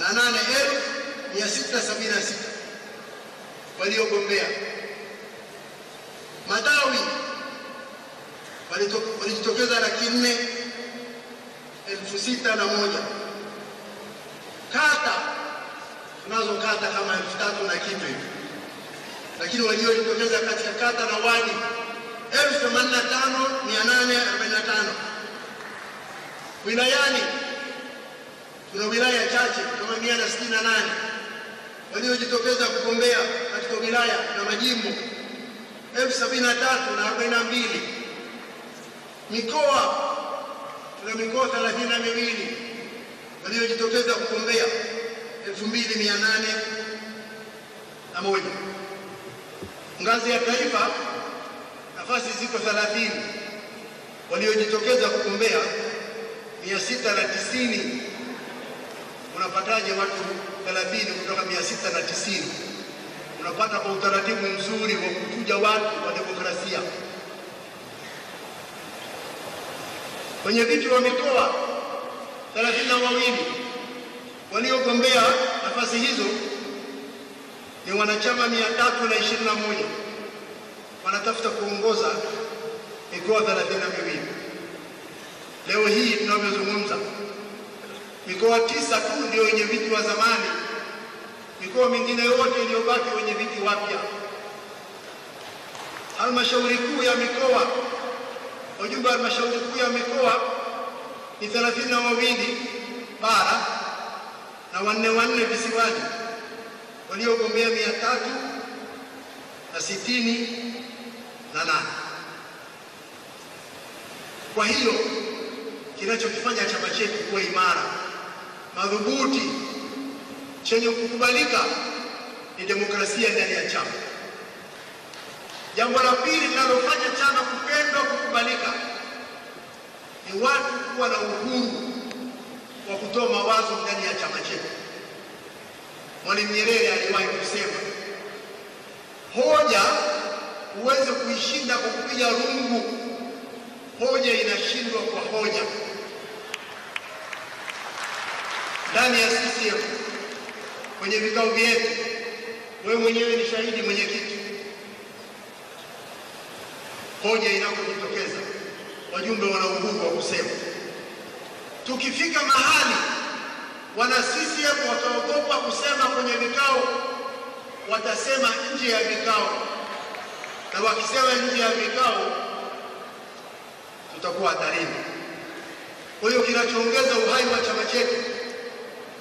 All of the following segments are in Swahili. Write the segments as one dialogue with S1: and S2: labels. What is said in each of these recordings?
S1: na nane elfu mia sita sabini na sita waliogombea. Matawi walijitokeza laki nne elfu sita na moja. Kata tunazo kata kama elfu tatu na kitu hivi, lakini waliojitokeza katika kata na wadi elfu themanini na tano mia nane arobaini na tano wilayani kuna wilaya chache kama mia na sitini na nane waliojitokeza kugombea katika wilaya na majimbo elfu sabini na tatu na arobaini na mbili mikoa tuna mikoa thelathini na miwili waliojitokeza kugombea elfu mbili mia nane na moja ngazi ya taifa nafasi ziko thelathini waliojitokeza kugombea mia sita na tisini unapataje watu 30 kutoka 690? Unapata kwa utaratibu mzuri wa kuchuja watu wa demokrasia. Kwenye viti wa mikoa 32 waliogombea nafasi hizo ni wanachama 321 wanatafuta kuongoza mikoa 32. Leo hii tunavyozungumza Mikoa tisa tu ndio wenye viti wa zamani, mikoa mingine yote iliyobaki wenye viti wapya. Halmashauri kuu ya mikoa, wajumbe wa halmashauri kuu ya mikoa ni thelathini na wawili bara na wanne wanne visiwani, waliogombea mia tatu na sitini na nane. Kwa hiyo kinachokifanya chama chetu kuwa imara madhubuti chenye kukubalika ni demokrasia ndani ya chama. Jambo la pili linalofanya chama kupendwa, kukubalika ni watu kuwa na uhuru wa kutoa mawazo ndani ya chama chetu. Mwalimu Nyerere aliwahi kusema, hoja huweze kuishinda kwa kupiga rungu, hoja inashindwa kwa hoja. ndani ya CCM kwenye vikao vyetu. Wewe mwenyewe ni shahidi, mwenyekiti. Hoja inapojitokeza, wajumbe wana uhuru wa kusema. Tukifika mahali wana CCM wataogopa kusema kwenye vikao, watasema nje ya vikao, na wakisema nje ya vikao tutakuwa hatarini. Kwa hiyo kinachoongeza uhai wa chama chetu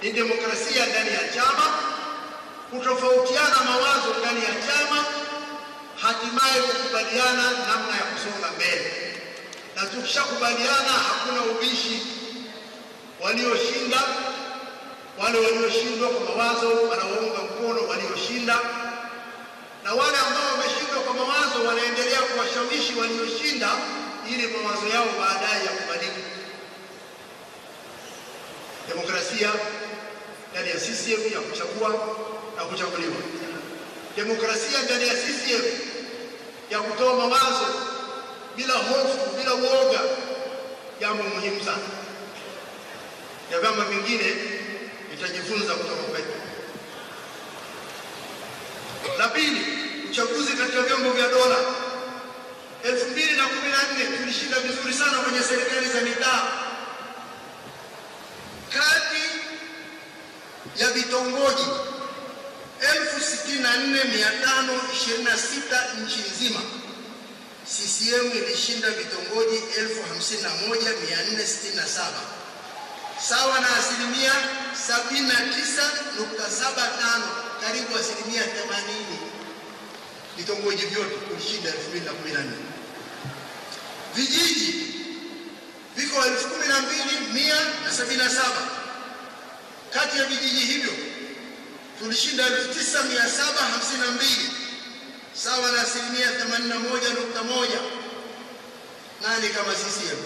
S1: ni demokrasia ndani ya chama, kutofautiana mawazo ndani ya chama, hatimaye kukubaliana namna ya kusonga mbele. Na tukishakubaliana, hakuna ubishi. Walioshinda wale walioshindwa kwa mawazo wanaunga mkono walioshinda, na wale ambao wameshindwa kwa mawazo wanaendelea kuwashawishi walioshinda ili mawazo yao baadaye yakubaliwe. Demokrasia ndani ya CCM ya kuchagua na kuchaguliwa, demokrasia ndani ya CCM ya kutoa mawazo bila hofu, bila uoga, jambo muhimu sana. na vyama vingine vitajifunza kutoka kwetu. La pili, uchaguzi katika vyombo vya dola elfu mbili na kumi na ya vitongoji 64526 nchi nzima. CCM ilishinda vitongoji 51467 sawa na asilimia 79.75, karibu asilimia 80 vitongoji vyote kulishinda 2014. Vijiji viko 12177 kati ya vijiji hivyo tulishinda 9752 sawa na asilimia 81.1. Nani kama CCM?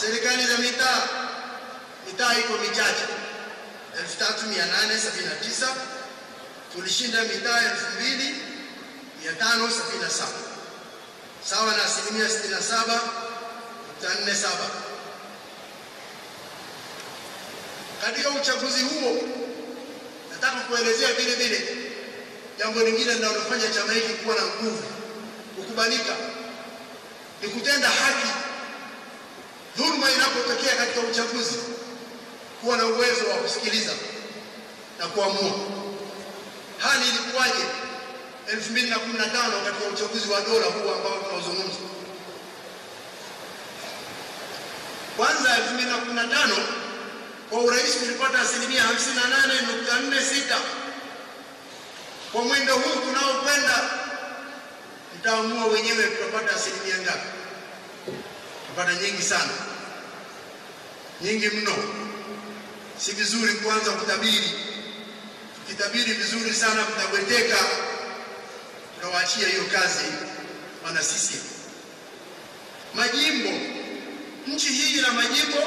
S1: Serikali za mitaa, mitaa iko michache 3879 tulishinda mitaa 2577 sawa na asilimia 67.47. katika uchaguzi huo. Nataka kuelezea vile vile jambo lingine linalofanya chama hiki kuwa na nguvu, kukubalika, ni kutenda haki. Dhuluma inapotokea katika uchaguzi, kuwa na uwezo wa kusikiliza na kuamua. Hali ilikuwaje 2015 katika uchaguzi wa dola huu ambao tunazungumza? Kwanza 2015 kwa urais tulipata asilimia 58.46. Kwa mwendo huu tunaokwenda, mtaamua wenyewe tutapata asilimia ngapi. Tutapata nyingi sana, nyingi mno. Si vizuri kuanza kutabiri. Tukitabiri vizuri sana, mtabweteka. Tutawaachia hiyo kazi wana sisi majimbo. Nchi hii ina majimbo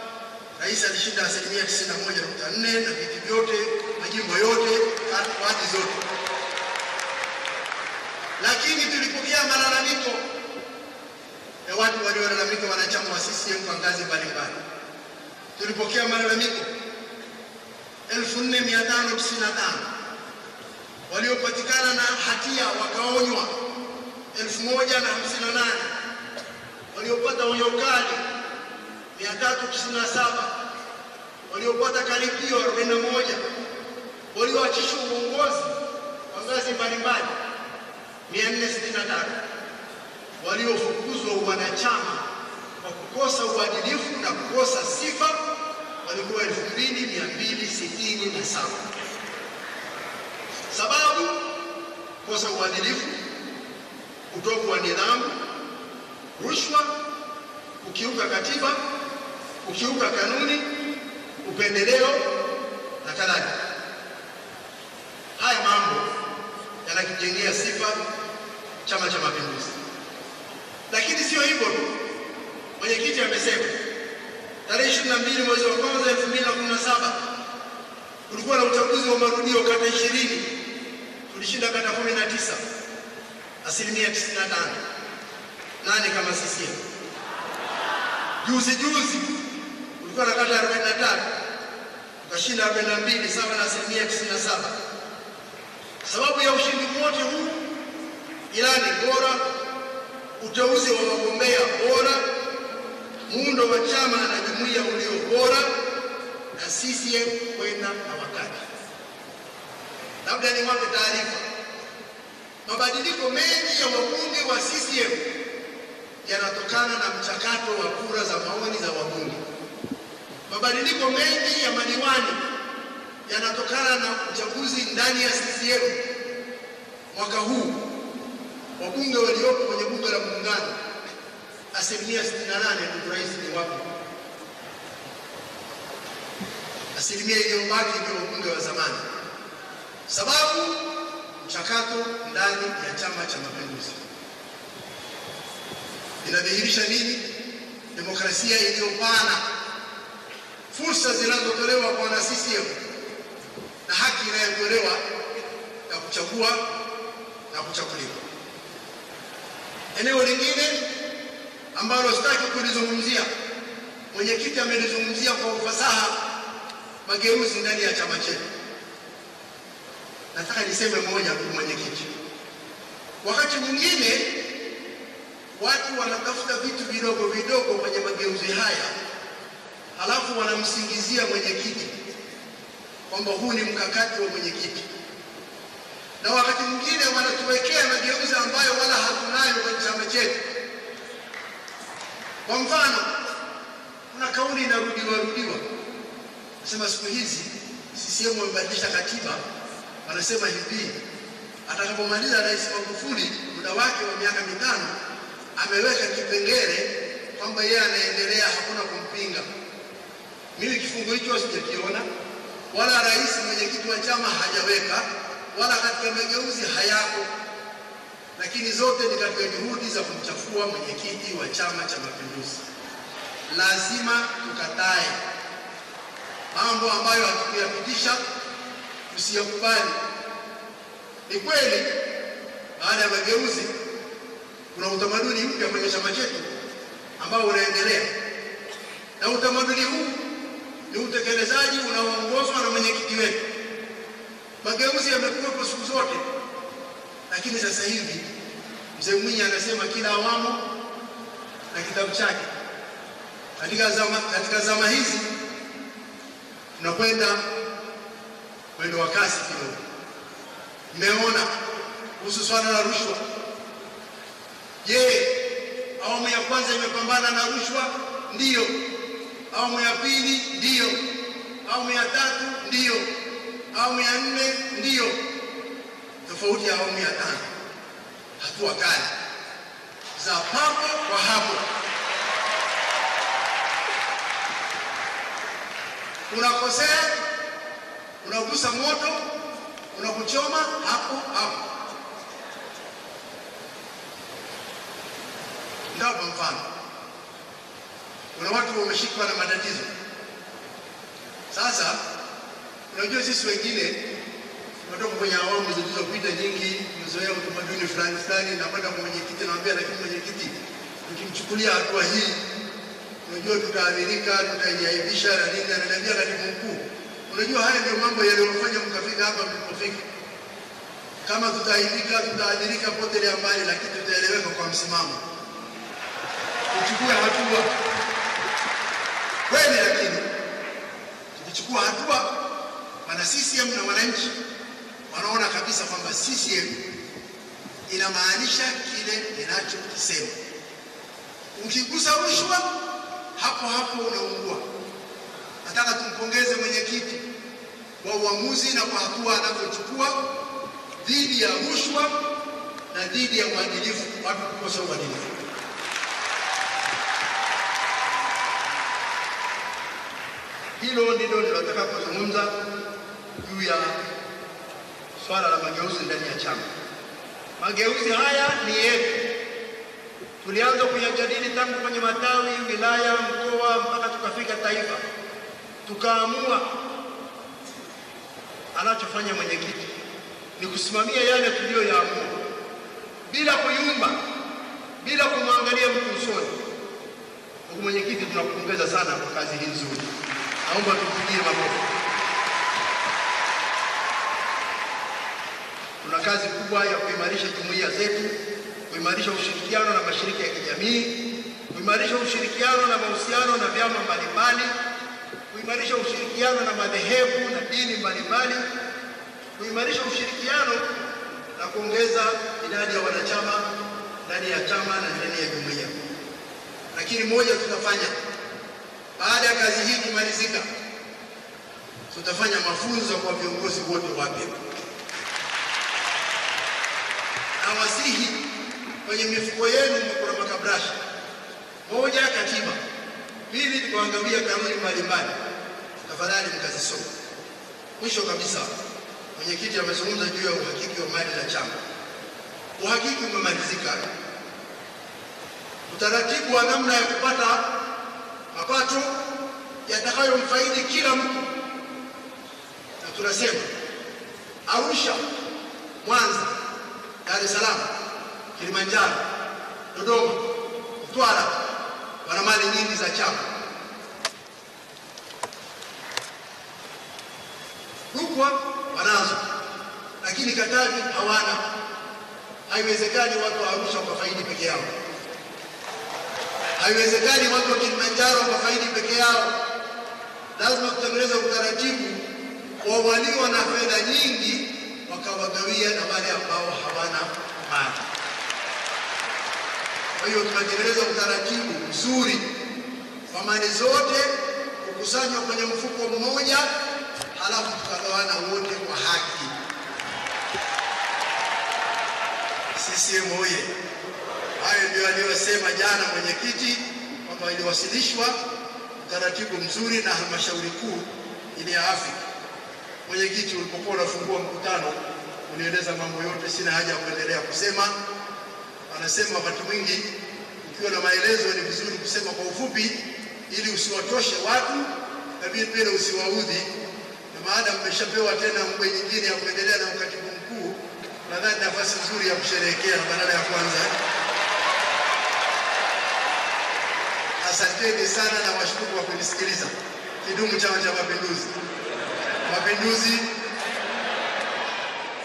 S1: Rais alishinda asilimia 91.4 na viti vyote, majimbo yote, wadi zote, lakini tulipokea malalamiko ya watu waliolalamika, wanachama wa CCM kwa ngazi mbalimbali. Tulipokea malalamiko 4595 waliopatikana na hatia wakaonywa 1058 waliopata onyo kali 397 waliopata karibio 41 walioachishwa uongozi kwa ngazi mbalimbali 463 waliofukuzwa wanachama kwa kukosa uadilifu na kukosa sifa walikuwa 2267. Sababu kukosa uadilifu, kutokuwa nidhamu, rushwa, kukiuka katiba ukiuka kanuni, upendeleo na kadhalika. Haya mambo yanakijengea sifa Chama cha Mapinduzi. Lakini sio hivyo tu, mwenyekiti amesema tarehe 22 mwezi wa kwanza 2017 kulikuwa na uchaguzi wa marudio kata 20, tulishinda kata 19, asilimia 95 nane kama sisi. Juzi juzi tulikuwa na kata 45 tukashinda 42 sawa na asilimia 97. Sababu ya ushindi wote huu, ilani bora, uteuzi wa wagombea bora, muundo wa chama na jumuiya ulio bora, na CCM kwenda na wakati. Labda niwape taarifa, mabadiliko mengi ya wabunge wa CCM yanatokana na mchakato wa kura za maoni mabadiliko mengi ya madiwani yanatokana na uchaguzi ndani ya CCM. Mwaka huu wabunge waliopo kwenye bunge la muungano asilimia 68, ndugu rais, ni wapi? Asilimia iliyobaki ndio wabunge wa zamani, sababu mchakato ndani ya Chama cha Mapinduzi inadhihirisha nini? Demokrasia iliyopana fursa zinazotolewa kwa wana CCM na haki inayotolewa ya kuchagua na kuchaguliwa. Eneo lingine ambalo sitaki kulizungumzia, mwenyekiti amelizungumzia kwa ufasaha, mageuzi ndani ya chama chetu. Nataka niseme moja tu, mwenyekiti, wakati mwingine watu wanatafuta vitu vidogo vidogo kwenye mageuzi haya alafu wanamsingizia mwenyekiti kwamba huu ni mkakati wa mwenyekiti, na wakati mwingine wanatuwekea mageuzi ambayo wala hatunayo kwenye chama chetu. Kwa mfano, kuna kauli inarudiwa rudiwa, nasema siku hizi CCM wamebadilisha katiba, wanasema hivi atakapomaliza Rais Magufuli muda wake wa miaka mitano, ameweka kipengele kwamba yeye anaendelea, hakuna kumpinga. Mimi kifungu hicho sijakiona, wala rais mwenyekiti wa chama hajaweka, wala katika mageuzi hayako, lakini zote ni katika juhudi za kumchafua mwenyekiti wa Chama cha Mapinduzi. Lazima tukatae mambo ambayo hatukuyapitisha, tusiyakubali. Ni kweli baada ya mageuzi kuna utamaduni mpya kwenye chama chetu ambao unaendelea, na utamaduni huu ni utekelezaji unaoongozwa na mwenyekiti wetu. Mageuzi kwa siku zote, lakini sasa hivi mzee Mwinyi anasema kila awamu na kitabu chake. Katika zama, katika zama hizi tunakwenda mwendo wa kasi kidogo. Mmeona kuhusu swala la rushwa. Je, awamu ya kwanza imepambana na rushwa? Ndiyo awamu ya pili ndiyo, awamu ya tatu ndiyo, awamu ya nne ndiyo, tofauti ya awamu ya tano. Hatua kali za papo kwa hapo. Unakosea, unagusa moto, unakuchoma hapo hapo. Ndio mfano kuna watu wameshikwa na matatizo. Sasa unajua sisi wengine tumetoka kwenye awamu zilizopita nyingi, tumezoea utamaduni fulani fulani. Nakwenda kwa mwenyekiti, naambia lakini mwenyekiti, tukimchukulia hatua hii unajua tutaathirika, tutajiaibisha na nini. Ananiambia katibu mkuu, unajua haya ndio mambo yaliyofanya mkafika hapa mlipofika. Kama tutaaibika, tutaathirika potelea mbali, lakini tutaeleweka kwa msimamo, tuchukue hatua kweli, lakini tukichukua hatua, wana CCM na wananchi wanaona kabisa kwamba CCM inamaanisha kile inachokisema. Ukigusa rushwa, hapo hapo unaungua. Nataka tumpongeze mwenyekiti kwa uamuzi na kwa hatua anavyochukua dhidi ya rushwa na dhidi ya uadilifu, watu kukosa uadilifu. Hilo ndilo nilotaka kuzungumza juu ya swala la mageuzi ndani ya chama. Mageuzi haya ni yetu, tulianza kuyajadili tangu kwenye matawi, wilaya, mkoa, mpaka tukafika taifa, tukaamua anachofanya mwenyekiti ni kusimamia yale tuliyoyaamua bila kuyumba, bila kumwangalia mtu usoni. Mwenyekiti, tunakupongeza sana kwa kazi hii nzuri. Naomba tumpigie makofi. Tuna kazi kubwa ya kuimarisha jumuiya zetu, kuimarisha ushirikiano na mashirika ya kijamii, kuimarisha ushirikiano na mahusiano na vyama mbalimbali, kuimarisha ushirikiano na madhehebu na dini mbalimbali, kuimarisha ushirikiano na kuongeza idadi ya wanachama ndani ya chama na ndani ya jumuiya. Lakini moja tunafanya baada ya kazi hii kumalizika, tutafanya mafunzo kwa viongozi wote wapya. Nawasihi, kwenye mifuko yenu kuna makabrasha. Moja, katiba; pili, tukaangalia kanuni mbalimbali, tafadhali mkazisoma. Mwisho kabisa, mwenyekiti amezungumza juu ya uhakiki wa mali za chama. Uhakiki umemalizika. Utaratibu wa namna ya kupata mapato yatakayomfaidi kila mtu, na tunasema Arusha, Mwanza, Dar es Salaam, Kilimanjaro, Dodoma, Mtwara wana mali nyingi za chama. Rukwa wanazo, lakini Katavi hawana. Haiwezekani watu wa Arusha kwa faidi peke yao. Haiwezekani watu wa Kilimanjaro faidi peke yao, lazima kutengeneza utaratibu wa walio na fedha nyingi wakawagawia na wale ambao hawana mali. Kwa hiyo tunatengeneza utaratibu mzuri, kwa mali zote kukusanywa kwenye mfuko mmoja, halafu tukagawana wote kwa haki. CCM oye! Hayo ndio aliyosema jana mwenyekiti kwamba iliwasilishwa utaratibu mzuri na halmashauri kuu ile ya afya. Mwenyekiti, ulipokuwa unafungua mkutano ulieleza mambo yote, sina haja ya kuendelea kusema. Anasema wakati mwingi ukiwa na maelezo ni vizuri kusema kwa ufupi, ili usiwatoshe watu lakini pia usiwaudhi, na maada mmeshapewa tena mbwe nyingine ya kuendelea na ukatibu mkuu, nadhani nafasi nzuri ya kusherehekea badala ya kwanza Asanteni sana na washukuru kwa kunisikiliza. Kidumu Chama cha Mapinduzi! Mapinduzi!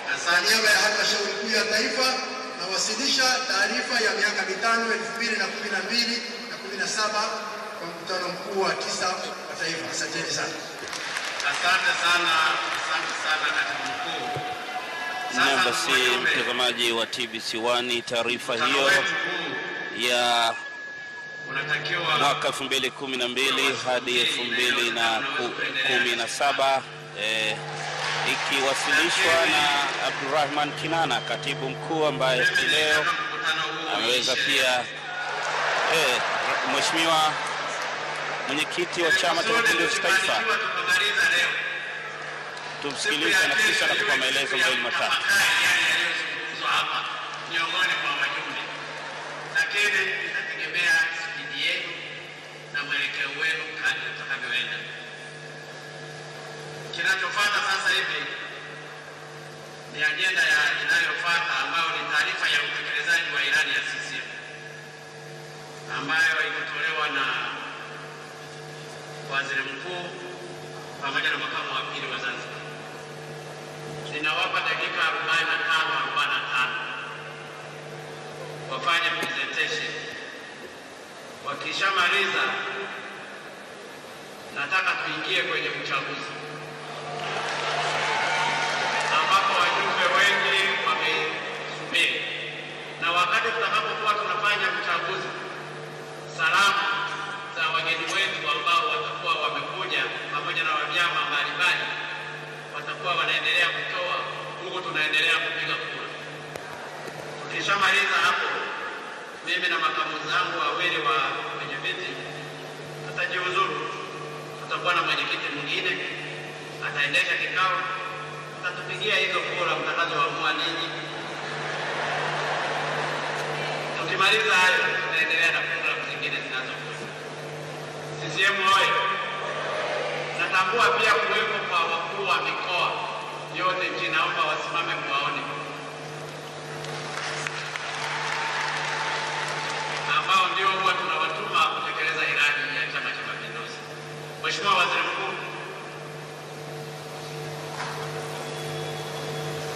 S1: Na kwa niaba ya halmashauri kuu ya taifa nawasilisha taarifa ya miaka mitano 2012 na 17 kwa mkutano mkuu wa tisa wa taifa. Asanteni sana.
S2: Asante sana, asante sana katibu mkuu. Na basi mtazamaji wa TBC1 taarifa hiyo ya mwaka 2012 hadi 2017 eh, ikiwasilishwa na Abdurrahman Kinana, katibu mkuu ambaye leo ameweza pia eh, mheshimiwa mwenyekiti wa Chama cha Mapinduzi Taifa. Tumsikilize na kisha atakupa maelezo mawili matatu. kinachofuata sasa hivi ni ajenda ya inayofata ambayo ni taarifa ya utekelezaji wa ilani ya CCM ambayo imetolewa na waziri mkuu pamoja na makamu wa pili wa Zanzibar. Ninawapa dakika 45 45 wafanye presentation. Wakishamaliza nataka tuingie kwenye uchaguzi. pamoja na wanyama mbalimbali watakuwa wanaendelea kutoa, huku tunaendelea kupiga kura. Tukishamaliza hapo, mimi na makamu zangu wawili wa mwenyekiti viti Tutakuwa na mwenyekiti mwingine ataendesha kikao, atatupigia hizo kura mtakazoamua ninyi. Tukimaliza hayo, tutaendelea na kura zingine zinazokuja. CCM oye! Natambua pia kuwepo kwa wakuu wa mikoa yote nchini, naomba wasimame mwaone, ambao ndio huwa tunawatuma kutekeleza ilani ya Chama cha Mapinduzi. Mheshimiwa Waziri Mkuu